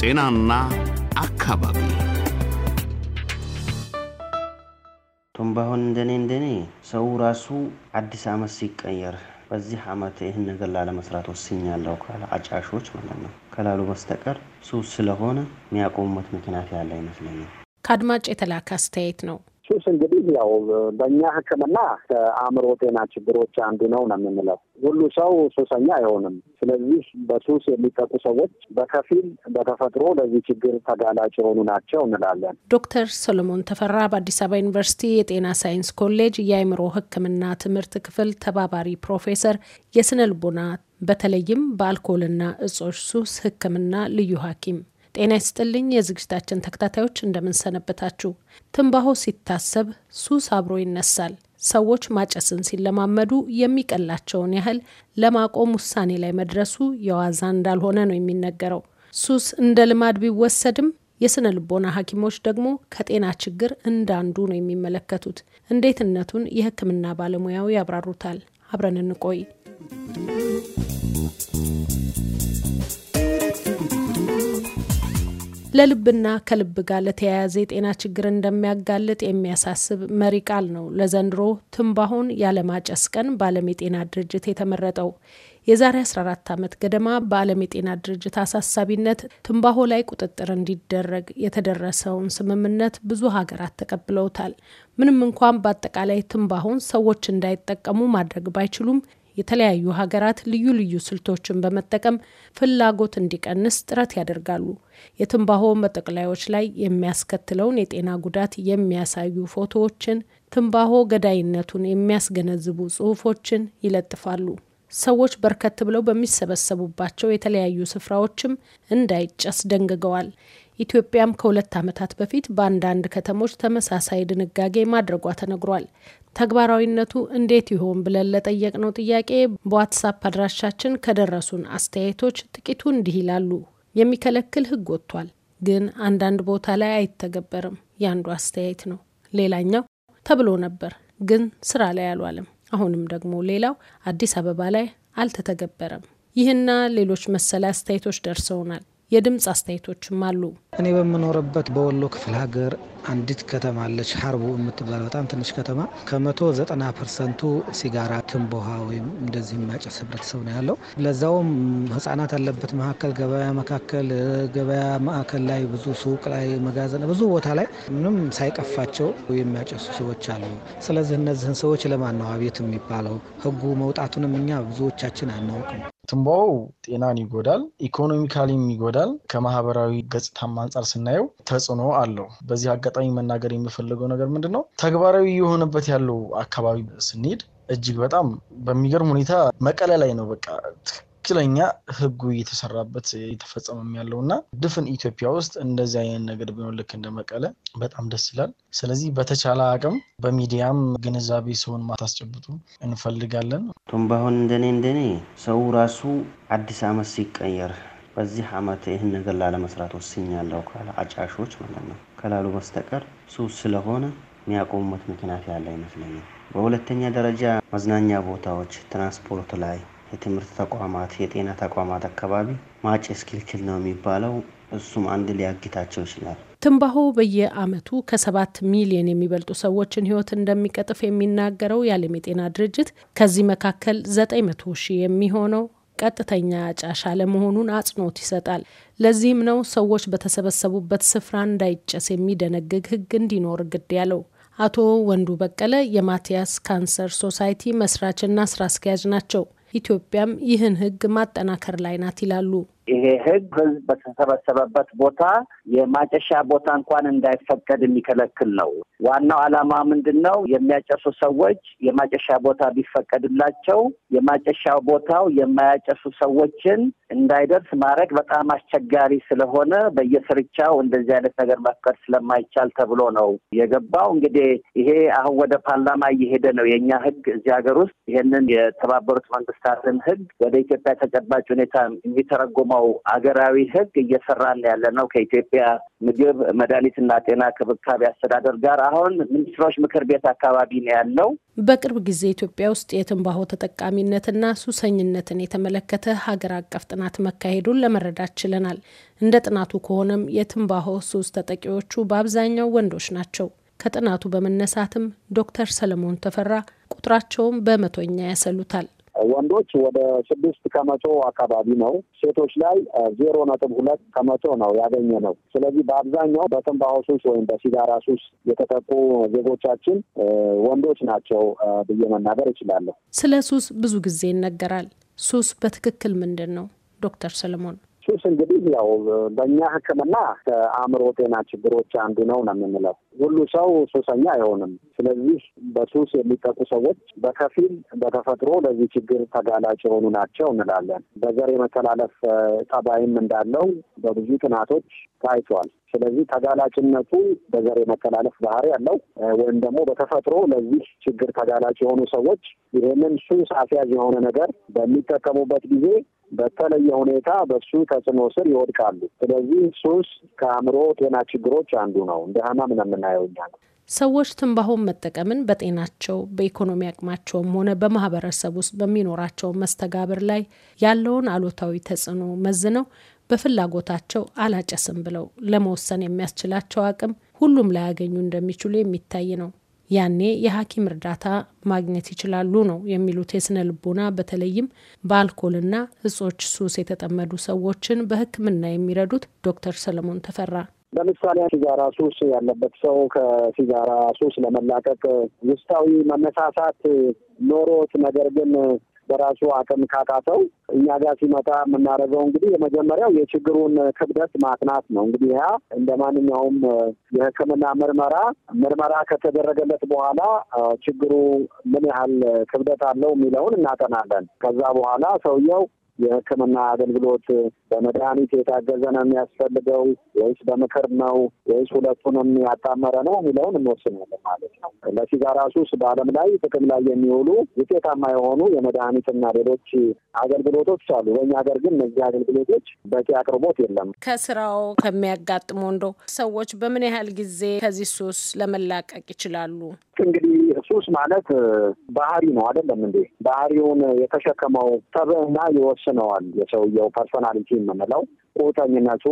ጤናና አካባቢ ቱምባሁን ባሁን እንደኔ እንደኔ ሰው ራሱ አዲስ አመት ሲቀየር በዚህ አመት ይህን ነገር ላለመስራት ወስኛለሁ ካለ አጫሾች ማለት ነው ከላሉ በስተቀር ሱስ ስለሆነ የሚያቆሙት ምክንያት ያለ አይመስለኛል። ከአድማጭ የተላከ አስተያየት ነው። ሱስ እንግዲህ ያው በእኛ ሕክምና ከአእምሮ ጤና ችግሮች አንዱ ነው ነው የምንለው። ሁሉ ሰው ሱሰኛ አይሆንም። ስለዚህ በሱስ የሚጠቁ ሰዎች በከፊል በተፈጥሮ ለዚህ ችግር ተጋላጭ የሆኑ ናቸው እንላለን። ዶክተር ሰሎሞን ተፈራ በአዲስ አበባ ዩኒቨርሲቲ የጤና ሳይንስ ኮሌጅ የአእምሮ ሕክምና ትምህርት ክፍል ተባባሪ ፕሮፌሰር፣ የስነ ልቦና በተለይም በአልኮልና እጾች ሱስ ሕክምና ልዩ ሐኪም ጤና ይስጥልኝ የዝግጅታችን ተከታታዮች እንደምንሰነበታችሁ። ትንባሆ ሲታሰብ ሱስ አብሮ ይነሳል። ሰዎች ማጨስን ሲለማመዱ የሚቀላቸውን ያህል ለማቆም ውሳኔ ላይ መድረሱ የዋዛ እንዳልሆነ ነው የሚነገረው። ሱስ እንደ ልማድ ቢወሰድም የስነ ልቦና ሐኪሞች ደግሞ ከጤና ችግር እንዳንዱ ነው የሚመለከቱት። እንዴትነቱን የሕክምና ባለሙያው ያብራሩታል። አብረን እንቆይ። ለልብና ከልብ ጋር ለተያያዘ የጤና ችግር እንደሚያጋልጥ የሚያሳስብ መሪ ቃል ነው ለዘንድሮ ትንባሆን ያለማጨስ ቀን በዓለም የጤና ድርጅት የተመረጠው። የዛሬ 14 ዓመት ገደማ በዓለም የጤና ድርጅት አሳሳቢነት ትንባሆ ላይ ቁጥጥር እንዲደረግ የተደረሰውን ስምምነት ብዙ ሀገራት ተቀብለውታል። ምንም እንኳን በአጠቃላይ ትንባሆን ሰዎች እንዳይጠቀሙ ማድረግ ባይችሉም የተለያዩ ሀገራት ልዩ ልዩ ስልቶችን በመጠቀም ፍላጎት እንዲቀንስ ጥረት ያደርጋሉ። የትንባሆ መጠቅለያዎች ላይ የሚያስከትለውን የጤና ጉዳት የሚያሳዩ ፎቶዎችን፣ ትንባሆ ገዳይነቱን የሚያስገነዝቡ ጽሁፎችን ይለጥፋሉ። ሰዎች በርከት ብለው በሚሰበሰቡባቸው የተለያዩ ስፍራዎችም እንዳይጨስ ደንግገዋል። ኢትዮጵያም ከሁለት ዓመታት በፊት በአንዳንድ ከተሞች ተመሳሳይ ድንጋጌ ማድረጓ ተነግሯል። ተግባራዊነቱ እንዴት ይሆን ብለን ለጠየቅነው ጥያቄ በዋትሳፕ አድራሻችን ከደረሱን አስተያየቶች ጥቂቱ እንዲህ ይላሉ። የሚከለክል ሕግ ወጥቷል፣ ግን አንዳንድ ቦታ ላይ አይተገበርም ያንዱ አስተያየት ነው። ሌላኛው ተብሎ ነበር፣ ግን ስራ ላይ አልዋለም። አሁንም ደግሞ ሌላው አዲስ አበባ ላይ አልተተገበረም። ይህና ሌሎች መሰል አስተያየቶች ደርሰውናል። የድምፅ አስተያየቶችም አሉ። እኔ በምኖርበት በወሎ ክፍለ ሀገር አንዲት ከተማ አለች፣ ሀርቡ የምትባል በጣም ትንሽ ከተማ። ከመቶ ዘጠና ፐርሰንቱ ሲጋራ፣ ትንቦሃ ወይም እንደዚህ የሚያጨስ ህብረተሰብ ነው ያለው። ለዛውም ህጻናት አለበት መካከል ገበያ መካከል ገበያ ማዕከል ላይ ብዙ ሱቅ ላይ መጋዘን፣ ብዙ ቦታ ላይ ምንም ሳይቀፋቸው የሚያጨሱ ሰዎች አሉ። ስለዚህ እነዚህን ሰዎች ለማን ነው አቤት የሚባለው? ህጉ መውጣቱንም እኛ ብዙዎቻችን አናውቅም። ትንባሆው ጤናን ይጎዳል፣ ኢኮኖሚካሊም ይጎዳል። ከማህበራዊ ገጽታም አንጻር ስናየው ተጽዕኖ አለው። በዚህ አጋጣሚ መናገር የሚፈልገው ነገር ምንድን ነው? ተግባራዊ የሆነበት ያለው አካባቢ ስንሄድ እጅግ በጣም በሚገርም ሁኔታ መቀለ ላይ ነው በቃ ትክክለኛ ህጉ እየተሰራበት እየተፈጸመም ያለው እና ድፍን ኢትዮጵያ ውስጥ እንደዚህ አይነት ነገር ቢሆን ልክ እንደመቀለ በጣም ደስ ይላል። ስለዚህ በተቻለ አቅም በሚዲያም ግንዛቤ ሰውን ማታስጨብጡ እንፈልጋለን። ቱምባሁን እንደኔ እንደኔ ሰው ራሱ አዲስ አመት ሲቀየር በዚህ አመት ይህን ነገር ላለመስራት ወስኛለሁ ካለ አጫሾች ማለት ነው ከላሉ በስተቀር ሱስ ስለሆነ የሚያቆሙበት ምክንያት ያለ አይመስለኝም። በሁለተኛ ደረጃ መዝናኛ ቦታዎች፣ ትራንስፖርት ላይ የትምህርት ተቋማት፣ የጤና ተቋማት አካባቢ ማጨስ ክልክል ነው የሚባለው እሱም አንድ ሊያግታቸው ይችላል። ትንባሆ በየአመቱ ከሰባት ሚሊዮን የሚበልጡ ሰዎችን ህይወት እንደሚቀጥፍ የሚናገረው የዓለም የጤና ድርጅት ከዚህ መካከል ዘጠኝ መቶ ሺህ የሚሆነው ቀጥተኛ አጫሽ አለመሆኑን አጽንኦት ይሰጣል። ለዚህም ነው ሰዎች በተሰበሰቡበት ስፍራ እንዳይጨስ የሚደነግግ ህግ እንዲኖር ግድ ያለው። አቶ ወንዱ በቀለ የማቲያስ ካንሰር ሶሳይቲ መስራችና ስራ አስኪያጅ ናቸው። ኢትዮጵያም ይህን ህግ ማጠናከር ላይ ናት ይላሉ። ይሄ ህግ ህዝብ በተሰበሰበበት ቦታ የማጨሻ ቦታ እንኳን እንዳይፈቀድ የሚከለክል ነው። ዋናው ዓላማ ምንድን ነው? የሚያጨሱ ሰዎች የማጨሻ ቦታ ቢፈቀድላቸው የማጨሻ ቦታው የማያጨሱ ሰዎችን እንዳይደርስ ማድረግ በጣም አስቸጋሪ ስለሆነ በየስርቻው እንደዚህ አይነት ነገር መፍቀድ ስለማይቻል ተብሎ ነው የገባው። እንግዲህ ይሄ አሁን ወደ ፓርላማ እየሄደ ነው። የእኛ ህግ እዚህ ሀገር ውስጥ ይሄንን የተባበሩት መንግስታትን ህግ ወደ ኢትዮጵያ ተጨባጭ ሁኔታ የሚተረጉመው አገራዊ ህግ እየሰራን ያለ ነው ከኢትዮጵያ ምግብ፣ መድኃኒትና ጤና ክብካቤ አስተዳደር ጋር አሁን ሚኒስትሮች ምክር ቤት አካባቢ ነው ያለው። በቅርብ ጊዜ ኢትዮጵያ ውስጥ የትንባሆ ተጠቃሚነትና ሱሰኝነትን የተመለከተ ሀገር አቀፍ ጥናት መካሄዱን ለመረዳት ችለናል። እንደ ጥናቱ ከሆነም የትንባሆ ሱስ ተጠቂዎቹ በአብዛኛው ወንዶች ናቸው። ከጥናቱ በመነሳትም ዶክተር ሰለሞን ተፈራ ቁጥራቸውን በመቶኛ ያሰሉታል። ወንዶች ወደ ስድስት ከመቶ አካባቢ ነው። ሴቶች ላይ ዜሮ ነጥብ ሁለት ከመቶ ነው ያገኘ ነው። ስለዚህ በአብዛኛው በትንባሆ ሱስ ወይም በሲጋራ ሱስ የተጠቁ ዜጎቻችን ወንዶች ናቸው ብዬ መናገር እችላለሁ። ስለ ሱስ ብዙ ጊዜ ይነገራል። ሱስ በትክክል ምንድን ነው? ዶክተር ሰለሞን ሱስ እንግዲህ ያው በእኛ ሕክምና ከአእምሮ ጤና ችግሮች አንዱ ነው ነው የምንለው። ሁሉ ሰው ሱሰኛ አይሆንም። ስለዚህ በሱስ የሚጠቁ ሰዎች በከፊል በተፈጥሮ ለዚህ ችግር ተጋላጭ የሆኑ ናቸው እንላለን። በዘር የመተላለፍ ጠባይም እንዳለው በብዙ ጥናቶች ታይቷል። ስለዚህ ተጋላጭነቱ በዘር የመተላለፍ ባህሪ ያለው ወይም ደግሞ በተፈጥሮ ለዚህ ችግር ተጋላጭ የሆኑ ሰዎች ይህንን ሱስ አስያዥ የሆነ ነገር በሚጠቀሙበት ጊዜ በተለየ ሁኔታ በሱ ተጽዕኖ ስር ይወድቃሉ። ስለዚህ ሱስ ከአእምሮ ጤና ችግሮች አንዱ ነው፣ እንደ ህመም ነው የምናየው እኛ። ሰዎች ትንባሆን መጠቀምን በጤናቸው በኢኮኖሚ አቅማቸውም ሆነ በማህበረሰብ ውስጥ በሚኖራቸው መስተጋብር ላይ ያለውን አሉታዊ ተጽዕኖ መዝነው በፍላጎታቸው አላጨስም ብለው ለመወሰን የሚያስችላቸው አቅም ሁሉም ላያገኙ እንደሚችሉ የሚታይ ነው። ያኔ የሐኪም እርዳታ ማግኘት ይችላሉ ነው የሚሉት የስነ ልቦና በተለይም በአልኮልና እጾች ሱስ የተጠመዱ ሰዎችን በሕክምና የሚረዱት ዶክተር ሰለሞን ተፈራ። ለምሳሌ ሲጋራ ሱስ ያለበት ሰው ከሲጋራ ሱስ ለመላቀቅ ውስጣዊ መነሳሳት ኖሮት ነገር ግን በራሱ አቅም ካቃተው እኛ ጋር ሲመጣ የምናደርገው እንግዲህ የመጀመሪያው የችግሩን ክብደት ማጥናት ነው። እንግዲህ ያ እንደ ማንኛውም የሕክምና ምርመራ ምርመራ ከተደረገለት በኋላ ችግሩ ምን ያህል ክብደት አለው የሚለውን እናጠናለን። ከዛ በኋላ ሰውየው የሕክምና አገልግሎት በመድኃኒት የታገዘ ነው የሚያስፈልገው ወይስ በምክር ነው ወይስ ሁለቱንም ያጣመረ ነው የሚለውን እንወስናለን ማለት ነው። ለሲዛ ራሱስ በዓለም ላይ ጥቅም ላይ የሚውሉ ውጤታማ የሆኑ የመድኃኒትና ሌሎች አገልግሎቶች አሉ። በእኛ ሀገር ግን እነዚህ አገልግሎቶች በቂ አቅርቦት የለም። ከስራው ከሚያጋጥሙ እንዶ ሰዎች በምን ያህል ጊዜ ከዚህ ሱስ ለመላቀቅ ይችላሉ? እንግዲህ ሱስ ማለት ባህሪ ነው አይደለም እንዴ? ባህሪውን የተሸከመው ሰብዕና ይወስነዋል። የሰውየው ፐርሶናሊቲ የምንለው ቁርጠኝነቱ፣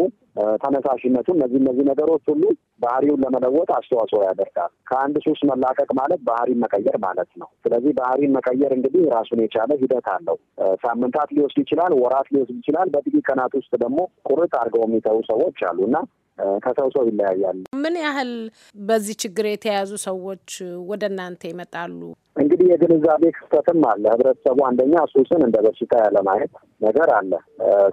ተነሳሽነቱ፣ እነዚህ እነዚህ ነገሮች ሁሉ ባህሪውን ለመለወጥ አስተዋጽኦ ያደርጋል። ከአንድ ሱስ መላቀቅ ማለት ባህሪን መቀየር ማለት ነው። ስለዚህ ባህሪን መቀየር እንግዲህ ራሱን የቻለ ሂደት አለው። ሳምንታት ሊወስድ ይችላል፣ ወራት ሊወስድ ይችላል። በጥቂት ቀናት ውስጥ ደግሞ ቁርጥ አድርገው የሚተዉ ሰዎች አሉ እና ከሰው ሰው ይለያያል። ምን ያህል በዚህ ችግር የተያዙ ሰዎች ወደ እናንተ ይመጣሉ? የግንዛቤ ክፍተትም አለ። ህብረተሰቡ አንደኛ ሱስን እንደ በሽታ ያለማየት ነገር አለ።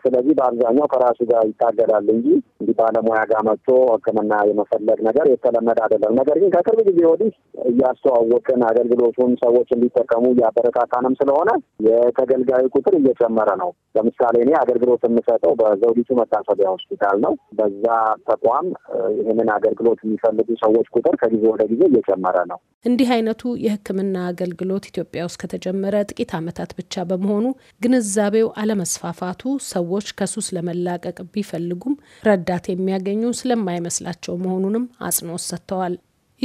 ስለዚህ በአብዛኛው ከራሱ ጋር ይታገላል እንጂ እንዲህ ባለሙያ ጋር መጥቶ ሕክምና የመፈለግ ነገር የተለመደ አይደለም። ነገር ግን ከቅርብ ጊዜ ወዲህ እያስተዋወቅን አገልግሎቱን ሰዎች እንዲጠቀሙ እያበረታታንም ስለሆነ የተገልጋዩ ቁጥር እየጨመረ ነው። ለምሳሌ እኔ አገልግሎት የምሰጠው በዘውዲቱ መታሰቢያ ሆስፒታል ነው። በዛ ተቋም ይህንን አገልግሎት የሚፈልጉ ሰዎች ቁጥር ከጊዜ ወደ ጊዜ እየጨመረ ነው። እንዲህ አይነቱ የሕክምና አገልግሎት አገልግሎት ኢትዮጵያ ውስጥ ከተጀመረ ጥቂት ዓመታት ብቻ በመሆኑ ግንዛቤው አለመስፋፋቱ ሰዎች ከሱስ ለመላቀቅ ቢፈልጉም ረዳት የሚያገኙ ስለማይመስላቸው መሆኑንም አጽንኦት ሰጥተዋል።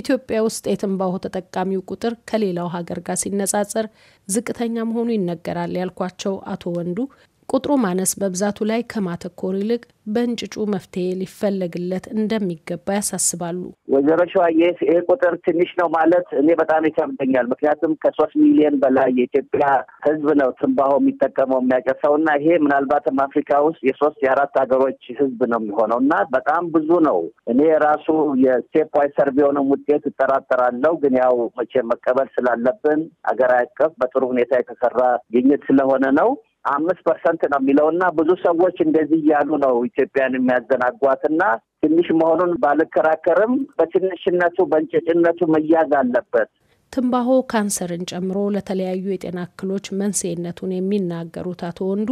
ኢትዮጵያ ውስጥ የትንባሆ ተጠቃሚው ቁጥር ከሌላው ሀገር ጋር ሲነጻጸር ዝቅተኛ መሆኑ ይነገራል ያልኳቸው አቶ ወንዱ ቁጥሩ ማነስ በብዛቱ ላይ ከማተኮር ይልቅ በእንጭጩ መፍትሄ ሊፈለግለት እንደሚገባ ያሳስባሉ። ወይዘሮ ሸዋዬ ይሄ ቁጥር ትንሽ ነው ማለት እኔ በጣም ይከብደኛል። ምክንያቱም ከሶስት ሚሊዮን በላይ የኢትዮጵያ ሕዝብ ነው ትንባሆ የሚጠቀመው የሚያጨሰው እና ይሄ ምናልባትም አፍሪካ ውስጥ የሶስት የአራት ሀገሮች ሕዝብ ነው የሚሆነው እና በጣም ብዙ ነው። እኔ ራሱ የስቴፕዋይ የሆነም ውጤት እጠራጠራለሁ። ግን ያው መቼ መቀበል ስላለብን አገር አቀፍ በጥሩ ሁኔታ የተሰራ ግኝት ስለሆነ ነው አምስት ፐርሰንት ነው የሚለው እና ብዙ ሰዎች እንደዚህ እያሉ ነው ኢትዮጵያን የሚያዘናጓት እና ትንሽ መሆኑን ባልከራከርም በትንሽነቱ በእንጭጭነቱ መያዝ አለበት። ትንባሆ ካንሰርን ጨምሮ ለተለያዩ የጤና እክሎች መንስኤነቱን የሚናገሩት አቶ ወንዱ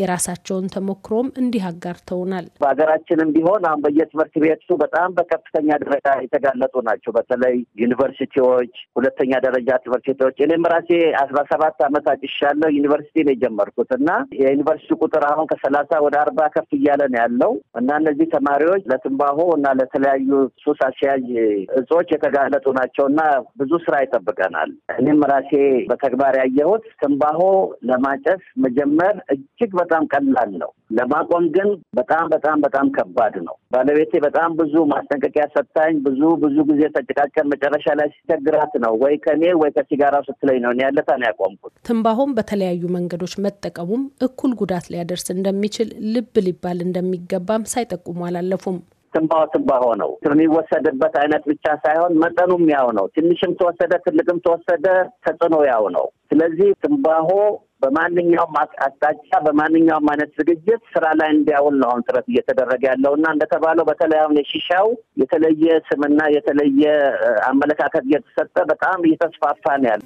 የራሳቸውን ተሞክሮም እንዲህ አጋርተውናል። በሀገራችንም ቢሆን አሁን በየትምህርት ቤቱ በጣም በከፍተኛ ደረጃ የተጋለጡ ናቸው። በተለይ ዩኒቨርሲቲዎች፣ ሁለተኛ ደረጃ ትምህርት ቤቶች። እኔም ራሴ አስራ ሰባት አመት አጭሻለሁ። ዩኒቨርሲቲ ነው የጀመርኩት እና የዩኒቨርሲቲ ቁጥር አሁን ከሰላሳ ወደ አርባ ከፍ እያለ ነው ያለው እና እነዚህ ተማሪዎች ለትንባሆ እና ለተለያዩ ሱስ አስያዥ እጾች የተጋለጡ ናቸው እና ብዙ ስራ ይጠብቀናል። እኔም ራሴ በተግባር ያየሁት ትንባሆ ለማጨስ መጀመር እጅግ በጣም ቀላል ነው። ለማቆም ግን በጣም በጣም በጣም ከባድ ነው። ባለቤቴ በጣም ብዙ ማስጠንቀቂያ ሰጥታኝ ብዙ ብዙ ጊዜ ተጨቃጨን። መጨረሻ ላይ ሲቸግራት ነው ወይ ከኔ ወይ ከሲጋራው ስትለኝ ነው ያለታ ነው ያቆምኩት። ትንባሆም በተለያዩ መንገዶች መጠቀሙም እኩል ጉዳት ሊያደርስ እንደሚችል ልብ ሊባል እንደሚገባም ሳይጠቁሙ አላለፉም። ትንባሆ ትንባሆ ነው። የሚወሰድበት አይነት ብቻ ሳይሆን መጠኑም ያው ነው። ትንሽም ተወሰደ፣ ትልቅም ተወሰደ ተጽዕኖ ያው ነው። ስለዚህ ትንባሆ በማንኛውም አቅጣጫ በማንኛውም አይነት ዝግጅት ስራ ላይ እንዲያውል ነው አሁን ጥረት እየተደረገ ያለው እና እንደተባለው በተለይ አሁን የሺሻው የተለየ ስምና የተለየ አመለካከት እየተሰጠ በጣም እየተስፋፋ ነው ያለ።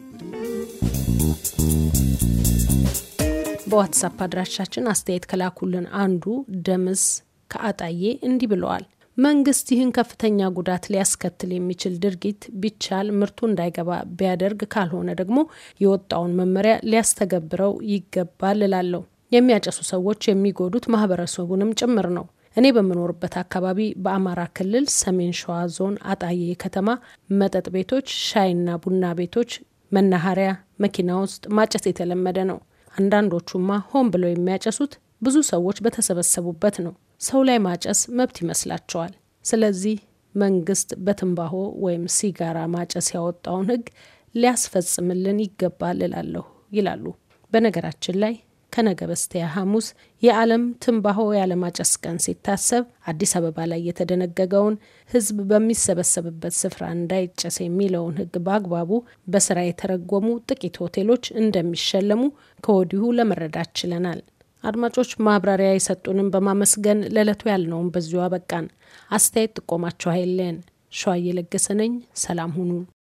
በዋትሳፕ አድራሻችን አስተያየት ከላኩልን አንዱ ደምስ ከአጣዬ እንዲህ ብለዋል። መንግስት ይህን ከፍተኛ ጉዳት ሊያስከትል የሚችል ድርጊት ቢቻል ምርቱ እንዳይገባ ቢያደርግ፣ ካልሆነ ደግሞ የወጣውን መመሪያ ሊያስተገብረው ይገባል እላለሁ። የሚያጨሱ ሰዎች የሚጎዱት ማህበረሰቡንም ጭምር ነው። እኔ በምኖርበት አካባቢ በአማራ ክልል ሰሜን ሸዋ ዞን አጣዬ ከተማ መጠጥ ቤቶች፣ ሻይና ቡና ቤቶች፣ መናኸሪያ፣ መኪና ውስጥ ማጨስ የተለመደ ነው። አንዳንዶቹማ ሆን ብለው የሚያጨሱት ብዙ ሰዎች በተሰበሰቡበት ነው። ሰው ላይ ማጨስ መብት ይመስላቸዋል። ስለዚህ መንግስት በትንባሆ ወይም ሲጋራ ማጨስ ያወጣውን ህግ ሊያስፈጽምልን ይገባል እላለሁ ይላሉ። በነገራችን ላይ ከነገ በስቲያ ሐሙስ የዓለም ትንባሆ ያለማጨስ ቀን ሲታሰብ አዲስ አበባ ላይ የተደነገገውን ህዝብ በሚሰበሰብበት ስፍራ እንዳይጨስ የሚለውን ህግ በአግባቡ በስራ የተረጎሙ ጥቂት ሆቴሎች እንደሚሸለሙ ከወዲሁ ለመረዳት ችለናል። አድማጮች ማብራሪያ የሰጡንም በማመስገን ለዕለቱ ያልነውም በዚሁ አበቃን። አስተያየት ጥቆማቸው አይለየን። ሸዋ እየለገሰ ነኝ። ሰላም ሁኑ።